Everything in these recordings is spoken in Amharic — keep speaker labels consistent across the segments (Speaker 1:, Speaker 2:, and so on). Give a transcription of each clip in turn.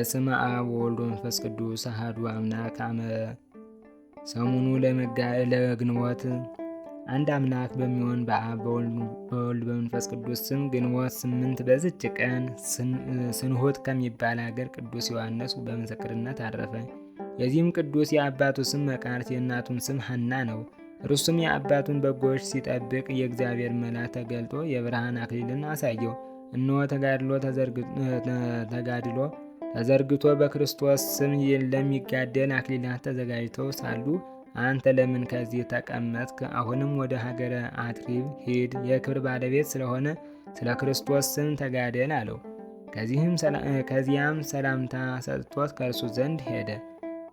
Speaker 1: በስመ አብ ወወልድ ወመንፈስ ቅዱስ አሐዱ አምላክ አመ ሰሙኑ ለግንቦት አንድ አምላክ በሚሆን በአብ በወልድ በመንፈስ ቅዱስ ስም ግንቦት ስምንት በዝች ቀን ስንሆት ከሚባል ሀገር ቅዱስ ዮሐንስ በምስክርነት አረፈ። የዚህም ቅዱስ የአባቱ ስም መቃርት የእናቱም ስም ሐና ነው። እርሱም የአባቱን በጎች ሲጠብቅ የእግዚአብሔር መልአክ ተገልጦ የብርሃን አክሊልን አሳየው። እነሆ ተጋድሎ ተጋድሎ ተዘርግቶ በክርስቶስ ስም ለሚጋደን አክሊላት ተዘጋጅተው ሳሉ አንተ ለምን ከዚህ ተቀመጥክ? አሁንም ወደ ሀገረ አትሪብ ሂድ፣ የክብር ባለቤት ስለሆነ ስለ ክርስቶስ ስም ተጋደል አለው። ከዚያም ሰላምታ ሰጥቶት ከእርሱ ዘንድ ሄደ።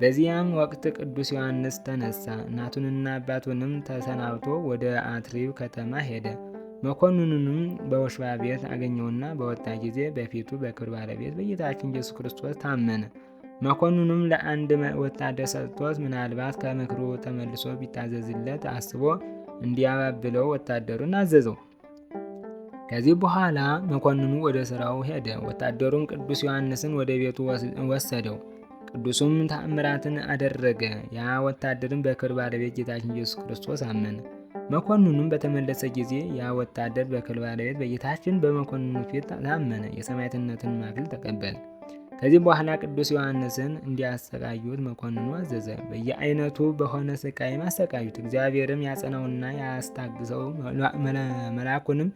Speaker 1: በዚያም ወቅት ቅዱስ ዮሐንስ ተነሳ፣ እናቱንና አባቱንም ተሰናብቶ ወደ አትሪብ ከተማ ሄደ። መኮንኑንም በወሽባ ቤት አገኘውና በወጣ ጊዜ በፊቱ በክብር ባለቤት በጌታችን ኢየሱስ ክርስቶስ ታመነ። መኮንኑም ለአንድ ወታደር ሰጥቶት ምናልባት ከምክሩ ተመልሶ ቢታዘዝለት አስቦ እንዲያባብለው ወታደሩን አዘዘው። ከዚህ በኋላ መኮንኑ ወደ ስራው ሄደ። ወታደሩም ቅዱስ ዮሐንስን ወደ ቤቱ ወሰደው። ቅዱሱም ተአምራትን አደረገ። ያ ወታደርም በክብር ባለቤት ጌታችን ኢየሱስ ክርስቶስ አመነ። መኮንኑም በተመለሰ ጊዜ ያ ወታደር በክልባለቤት በጌታችን በመኮንኑ ፊት ታመነ፣ የሰማዕትነትን ማክል ተቀበለ። ከዚህም በኋላ ቅዱስ ዮሐንስን እንዲያሰቃዩት መኮንኑ አዘዘ። በየአይነቱ በሆነ ስቃይም አሰቃዩት። እግዚአብሔርም ያጸናውና ያስታግሰው፣ መላኩንም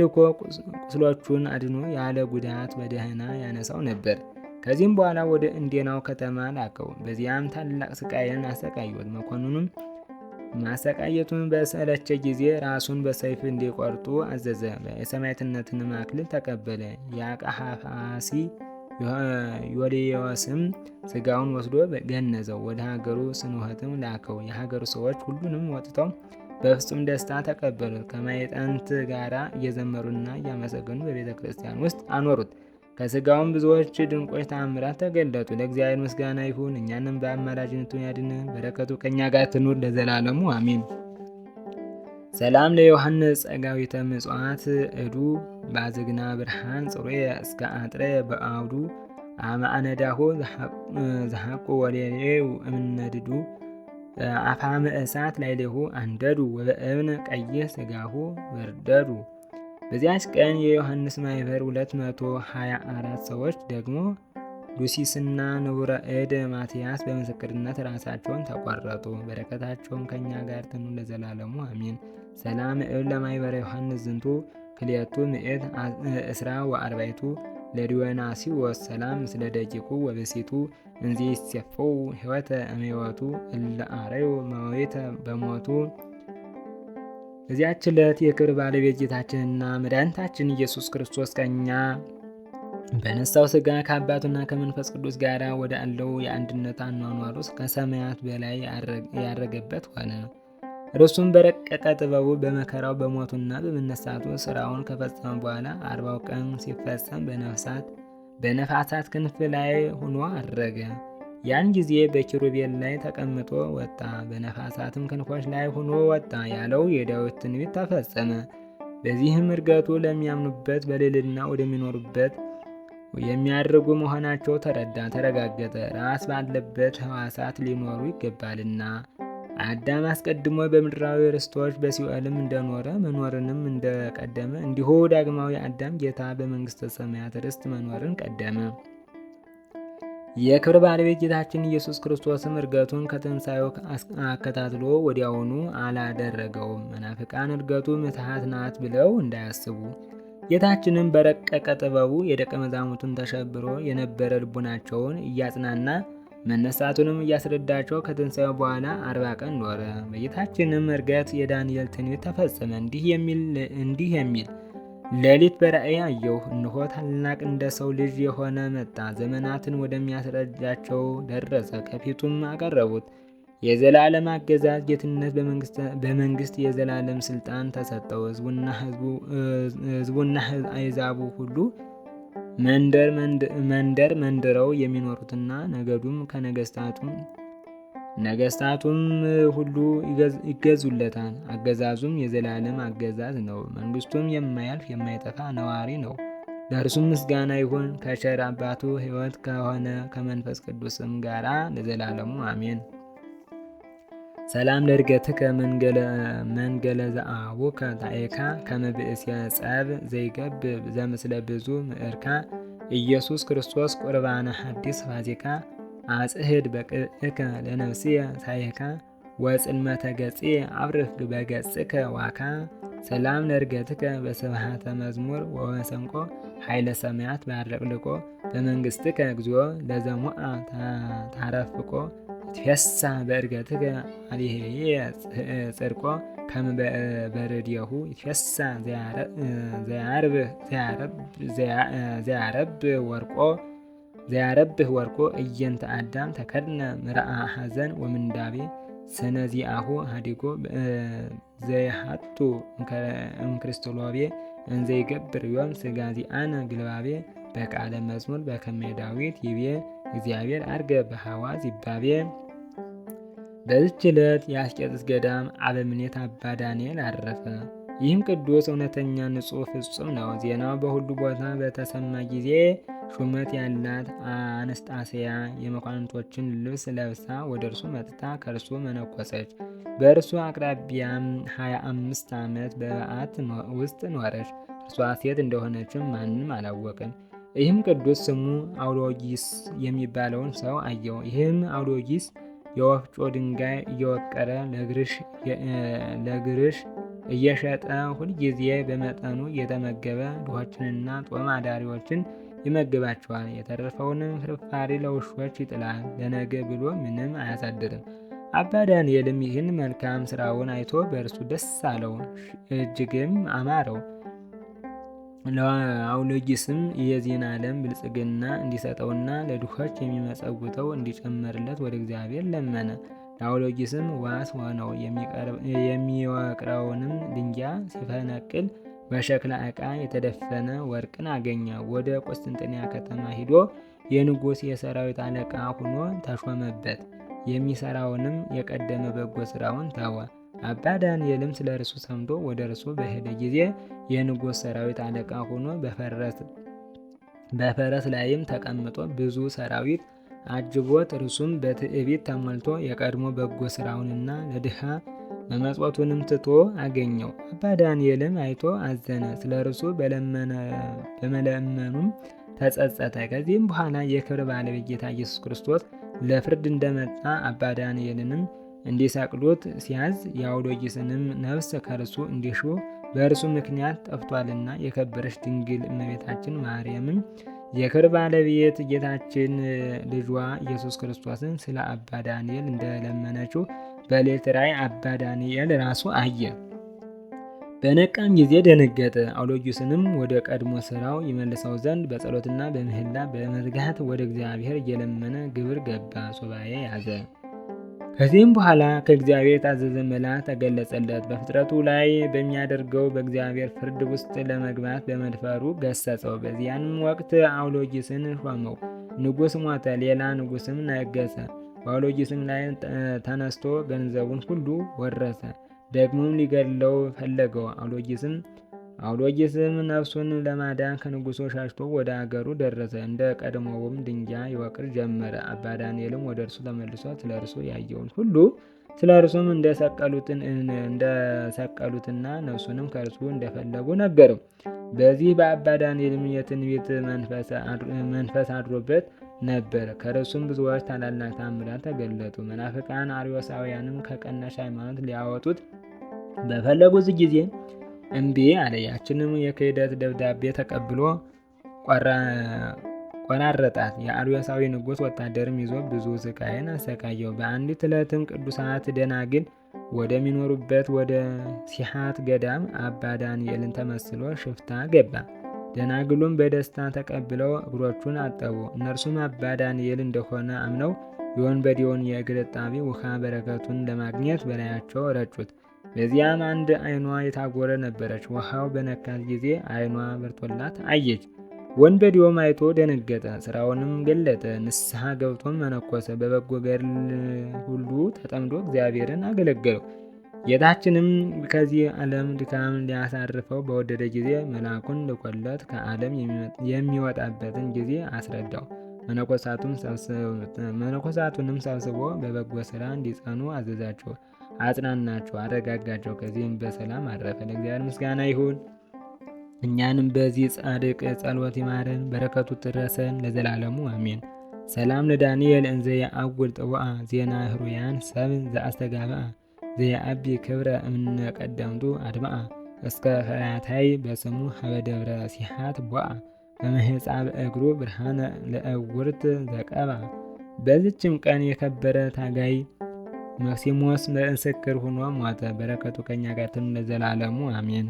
Speaker 1: ልኮ ቁስሎቹን አድኖ ያለ ጉዳት በደህና ያነሳው ነበር። ከዚህም በኋላ ወደ እንዴናው ከተማ ላከው። በዚያም ታላቅ ስቃይን አሰቃዩት። መኮንኑም ማሰቃየቱን በሰለቸ ጊዜ ራሱን በሰይፍ እንዲቆርጡ አዘዘ። የሰማዕትነትንም አክሊል ተቀበለ። የአቃሐፋሲ ዮልዮስም ስጋውን ወስዶ ገነዘው፣ ወደ ሀገሩ ስንውህትም ላከው። የሀገሩ ሰዎች ሁሉንም ወጥተው በፍጹም ደስታ ተቀበሉት። ከማዕጠንት ጋራ እየዘመሩና እያመሰገኑ በቤተ ክርስቲያን ውስጥ አኖሩት። ከሥጋውም ብዙዎች ድንቆች ተአምራት ተገለጡ። ለእግዚአብሔር ምስጋና ይሁን፣ እኛንም በአማላጅነቱ ያድን፣ በረከቱ ከእኛ ጋር ትኑር ለዘላለሙ አሚን። ሰላም ለዮሐንስ ጸጋዊተ ምጽዋት እዱ ባዝግና ብርሃን ጽሩ እስከ አጥረ በአውዱ አማዕነዳሆ ዝሓቁ ወሌሌው እምነድዱ አፋ ላይ ሌሁ አንደዱ ወበእብን ቀይህ ስጋሁ በርደዱ በዚያች ቀን የዮሐንስ ማይበር 224 ሰዎች ደግሞ ሉሲስና ንቡረ እድ ማትያስ በምስክርነት ራሳቸውን ተቆረጡ። በረከታቸውም ከእኛ ጋር ትኑ ለዘላለሙ አሚን። ሰላም እብ ለማይበር ዮሐንስ ዝንቱ ክልኤቱ ምዕት እስራ ወአርባይቱ ለዲዮናሲዎስ ሰላም ስለ ደቂቁ ወበሴቱ እንዚ ሴፎው ህይወተ እመወቱ እለ አረዩ መዌተ በሞቱ በዚያች ዕለት የክብር ባለቤት ጌታችንና መድኃኒታችን ኢየሱስ ክርስቶስ ቀኛ በነሳው ስጋ ከአባቱና ከመንፈስ ቅዱስ ጋር ወደ አለው የአንድነት አኗኗር ውስጥ ከሰማያት በላይ ያረገበት ሆነ። እርሱም በረቀቀ ጥበቡ በመከራው በሞቱና በመነሳቱ ስራውን ከፈጸመ በኋላ አርባው ቀን ሲፈጸም በነፍሳት በነፋሳት ክንፍ ላይ ሆኖ አረገ። ያን ጊዜ በኪሩቤል ላይ ተቀምጦ ወጣ፣ በነፋሳትም ክንፎች ላይ ሆኖ ወጣ ያለው የዳዊት ትንቢት ተፈጸመ። በዚህም እርገቱ ለሚያምኑበት በልልና ወደሚኖሩበት የሚያደርጉ መሆናቸው ተረዳ፣ ተረጋገጠ። ራስ ባለበት ህዋሳት ሊኖሩ ይገባልና አዳም አስቀድሞ በምድራዊ ርስቶች በሲኦልም እንደኖረ መኖርንም እንደቀደመ እንዲሁ ዳግማዊ አዳም ጌታ በመንግሥተ ሰማያት ርስት መኖርን ቀደመ። የክብር ባለቤት ጌታችን ኢየሱስ ክርስቶስም እርገቱን ከትንሣኤው አከታትሎ ወዲያውኑ አላደረገውም። መናፍቃን እርገቱ ምትሃት ናት ብለው እንዳያስቡ ጌታችንም በረቀቀ ጥበቡ የደቀ መዛሙርቱን ተሸብሮ የነበረ ልቡናቸውን እያጽናና መነሳቱንም እያስረዳቸው ከትንሣኤው በኋላ አርባ ቀን ኖረ። በጌታችንም እርገት የዳንኤል ትንቢት ተፈጸመ እንዲህ የሚል ሌሊት በራእይ አየሁ፣ እንሆ ታላቅ እንደ ሰው ልጅ የሆነ መጣ፣ ዘመናትን ወደሚያስረዳቸው ደረሰ። ከፊቱም አቀረቡት። የዘላለም አገዛዝ ጌትነት በመንግስት የዘላለም ስልጣን ተሰጠው። ህዝቡና አይዛቡ ሁሉ መንደር መንደር መንደረው የሚኖሩትና ነገዱም ከነገስታቱም ነገስታቱም ሁሉ ይገዙለታል። አገዛዙም የዘላለም አገዛዝ ነው። መንግስቱም የማያልፍ የማይጠፋ ነዋሪ ነው። ለእርሱም ምስጋና ይሁን ከቸር አባቱ ሕይወት ከሆነ ከመንፈስ ቅዱስም ጋር ለዘላለሙ አሜን። ሰላም ለእድገትከ ከመንገለ ዘአቡ ከታኤካ ከመ ብእሲየ ጸብ ዘይገብብ ዘምስለ ብዙ ምእርካ ኢየሱስ ክርስቶስ ቁርባነ ሐዲስ ፋሲካ አጽህድ በቅድእከ ለነፍስየ ሳይካ ወጽልመተ ገጼ አብርህ በገጽከ ዋካ ሰላም ነርገትከ በስብሃተ መዝሙር ወወሰንቆ ኃይለ ሰማያት ባረቅልቆ በመንግሥትከ እግዚኦ ለዘሙአ ታረፍቆ ትፌሳ በእርገትከ አሊሄየ ጽድቆ ከም በረድየሁ ትፌሳ ዘያረብ ወርቆ ዘያረብህ ወርቆ እየንተ አዳም ተከድነ ምርአ ሐዘን ወምንዳቤ ስነዚአሁ ሃዲጎ ዘይሃቱ እምክርስቶሎቤ እንዘይገብር ዮም ስጋ ዚአነ ግልባቤ በቃለ መዝሙር በከመ ዳዊት ይቤ እግዚአብሔር አርገ በሐዋ ይባቤ በዚች ዕለት የአስቄጥስ ገዳም አበምኔት አባ ዳንኤል አረፈ። ይህም ቅዱስ እውነተኛ ንጹሕ ፍጹም ነው። ዜናው በሁሉ ቦታ በተሰማ ጊዜ ሹመት ያላት አነስጣሴያ የመኳንንቶችን ልብስ ለብሳ ወደ እርሱ መጥታ ከእርሱ መነኮሰች። በእርሱ አቅራቢያም 25 ዓመት በበዓት ውስጥ ኖረች። እርሷ ሴት እንደሆነችም ማንም አላወቅም። ይህም ቅዱስ ስሙ አውሎጊስ የሚባለውን ሰው አየው። ይህም አውሎጊስ የወፍጮ ድንጋይ እየወቀረ ለግርሽ እየሸጠ ሁልጊዜ በመጠኑ እየተመገበ ድሆችንና ጦም አዳሪዎችን ይመግባቸዋል። የተረፈውንም ፍርፋሪ ለውሾች ይጥላል። ለነገ ብሎ ምንም አያሳድርም። አባ ዳንኤልም ይህን መልካም ስራውን አይቶ በእርሱ ደስ አለው፣ እጅግም አማረው። ለአውሎጊስም የዚህን ዓለም ብልጽግና እንዲሰጠውና ለድሆች የሚመጸውተው እንዲጨመርለት ወደ እግዚአብሔር ለመነ። ለአውሎጊስም ዋስ ሆነው የሚወቅረውንም ድንጋይ ሲፈነቅል በሸክላ ዕቃ የተደፈነ ወርቅን አገኘ። ወደ ቁስጥንጥንያ ከተማ ሂዶ የንጉሥ የሰራዊት አለቃ ሆኖ ተሾመበት። የሚሰራውንም የቀደመ በጎ ስራውን ተወ። አባ ዳንኤልም ስለ እርሱ ሰምቶ ወደ እርሱ በሄደ ጊዜ የንጉሥ ሰራዊት አለቃ ሆኖ በፈረስ ላይም ተቀምጦ ብዙ ሰራዊት አጅቦት እርሱም በትዕቢት ተሞልቶ የቀድሞ በጎ ስራውንና ለድሃ መመጽወቱንም ትቶ አገኘው። አባ ዳንኤልም አይቶ አዘነ። ስለ እርሱ በመለመኑም ተጸጸተ። ከዚህም በኋላ የክብር ባለቤት ጌታ ኢየሱስ ክርስቶስ ለፍርድ እንደመጣ አባ ዳንኤልንም እንዲሰቅሉት ሲያዝ የአውዶጊስንም ነፍስ ከእርሱ እንዲሹ በእርሱ ምክንያት ጠፍቷልና የከበረች ድንግል እመቤታችን ማርያምም የክብር ባለቤት ጌታችን ልጇ ኢየሱስ ክርስቶስን ስለ አባ ዳንኤል እንደለመነችው በሌሊት ራእይ አባ ዳንኤል ራሱ አየ። በነቃም ጊዜ ደነገጠ። አውሎጊዮስንም ወደ ቀድሞ ስራው ይመልሰው ዘንድ በጸሎትና በምህላ በመርጋት ወደ እግዚአብሔር እየለመነ ግብር ገባ፣ ሱባኤ ያዘ። ከዚህም በኋላ ከእግዚአብሔር የታዘዘ መልአክ ተገለጸለት። በፍጥረቱ ላይ በሚያደርገው በእግዚአብሔር ፍርድ ውስጥ ለመግባት በመድፈሩ ገሰጸው። በዚያንም ወቅት አውሎጊስን ሾመው፣ ንጉሥ ሞተ፣ ሌላ ንጉሥም ነገሰ። ባሎጊስናይን ተነስቶ ገንዘቡን ሁሉ ወረሰ። ደግሞም ሊገድለው ፈለገው። አውሎጊስም አውሎጊስም ነፍሱን ለማዳን ከንጉሶ ሻሽቶ ወደ አገሩ ደረሰ። እንደ ቀድሞውም ድንጋይ ይወቅር ጀመረ። አባ ዳንኤልም ወደ እርሱ ተመልሶ ስለ እርሱ ያየውን ሁሉ ስለ እርሱም እንደሰቀሉትና ነፍሱንም ከእርሱ እንደፈለጉ ነገረው። በዚህ በአባ ዳንኤልም የትንቢት መንፈስ አድሮበት ነበር። ከርሱም ብዙዎች ታላላቅ ታምራት ተገለጡ። መናፍቃን አርዮሳውያንም ከቀናሽ ሃይማኖት ሊያወጡት በፈለጉት ጊዜ እምቢ አለ። ያችንም የክህደት ደብዳቤ ተቀብሎ ቆራረጣት። የአርዮሳዊ ንጉሥ ወታደርም ይዞ ብዙ ስቃይን አሰቃየው። በአንዲት ዕለትም ቅዱሳት ደናግል ወደሚኖሩበት ወደ ሲሓት ገዳም አባ ዳንኤልን ተመስሎ ሽፍታ ገባ። ደናግሉም በደስታ ተቀብለው እግሮቹን አጠቡ። እነርሱም አባ ዳንኤል እንደሆነ አምነው የወንበዴውን የእግር እጣቢ ውሃ በረከቱን ለማግኘት በላያቸው ረጩት። በዚያም አንድ ዓይኗ የታጎረ ነበረች። ውሃው በነካት ጊዜ ዓይኗ በርቶላት አየች። ወንበዴውም አይቶ ደነገጠ። ስራውንም ገለጠ። ንስሐ ገብቶም መነኮሰ። በበጎ ገድል ሁሉ ተጠምዶ እግዚአብሔርን አገለገለው። ጌታችንም ከዚህ ዓለም ድካም ሊያሳርፈው በወደደ ጊዜ መልአኩን ልኮለት ከዓለም የሚወጣበትን ጊዜ አስረዳው። መነኮሳቱንም ሰብስቦ በበጎ ስራ እንዲጸኑ አዘዛቸው፣ አጽናናቸው፣ አረጋጋቸው። ከዚህም በሰላም አረፈ። ለእግዚአብሔር ምስጋና ይሁን። እኛንም በዚህ ጻድቅ ጸሎት ይማረን፣ በረከቱ ትረሰን ለዘላለሙ አሜን። ሰላም ለዳንኤል እንዘ የአውድ ጥቡአ ዜና ህሩያን ሰብ ዘአስተጋብአ ዘየአቢ ክብረ እምነ ቀደምቱ አድባአ እስከ ፈያታይ በስሙ ሀበደብረ ሲሓት ቦአ በመሕፃብ እግሩ ብርሃነ ለእውርት ዘቀባ። በዚችም ቀን የከበረ ታጋይ መክሲሞስ ምስክር ሆኖ ሞተ። በረከቱ ከኛ ጋር ትኑር ለዘላለሙ አሜን።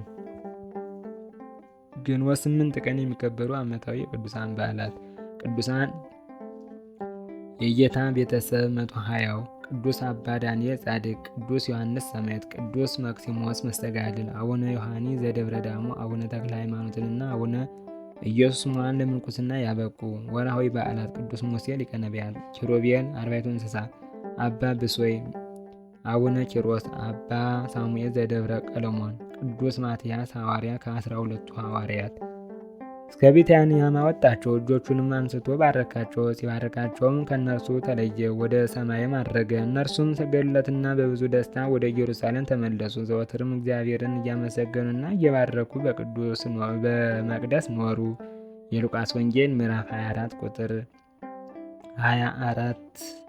Speaker 1: ግንቦት ስምንት ቀን የሚከበሩ ዓመታዊ የቅዱሳን በዓላት ቅዱሳን የጌታ ቤተሰብ መቶ ሃያው ቅዱስ አባ ዳንኤል ጻድቅ፣ ቅዱስ ዮሐንስ ሰማዕት፣ ቅዱስ ማክሲሞስ መስተጋድል፣ አቡነ ዮሐኒ ዘደብረ ዳሞ፣ አቡነ ተክለ ሃይማኖትንና አቡነ ኢየሱስ ሞዐን ለምንኩስና ያበቁ። ወርኃዊ በዓላት ቅዱስ ሙሴ ሊቀ ነቢያት፣ ኪሩቤል አርባዕቱ እንስሳ፣ አባ ብሶይ፣ አቡነ ኪሮስ፣ አባ ሳሙኤል ዘደብረ ቀለሞን፣ ቅዱስ ማትያስ ሐዋርያ ከአስራ ሁለቱ ሐዋርያት እስከ ቢታንያም አወጣቸው። እጆቹንም አንስቶ ባረካቸው። ሲባረካቸውም ከእነርሱ ተለየ፣ ወደ ሰማይም አድረገ። እነርሱም ሰገዱለትና በብዙ ደስታ ወደ ኢየሩሳሌም ተመለሱ። ዘወትርም እግዚአብሔርን እያመሰገኑና እየባረኩ በቅዱስ በመቅደስ ኖሩ። የሉቃስ ወንጌል ምዕራፍ 24 ቁጥር 24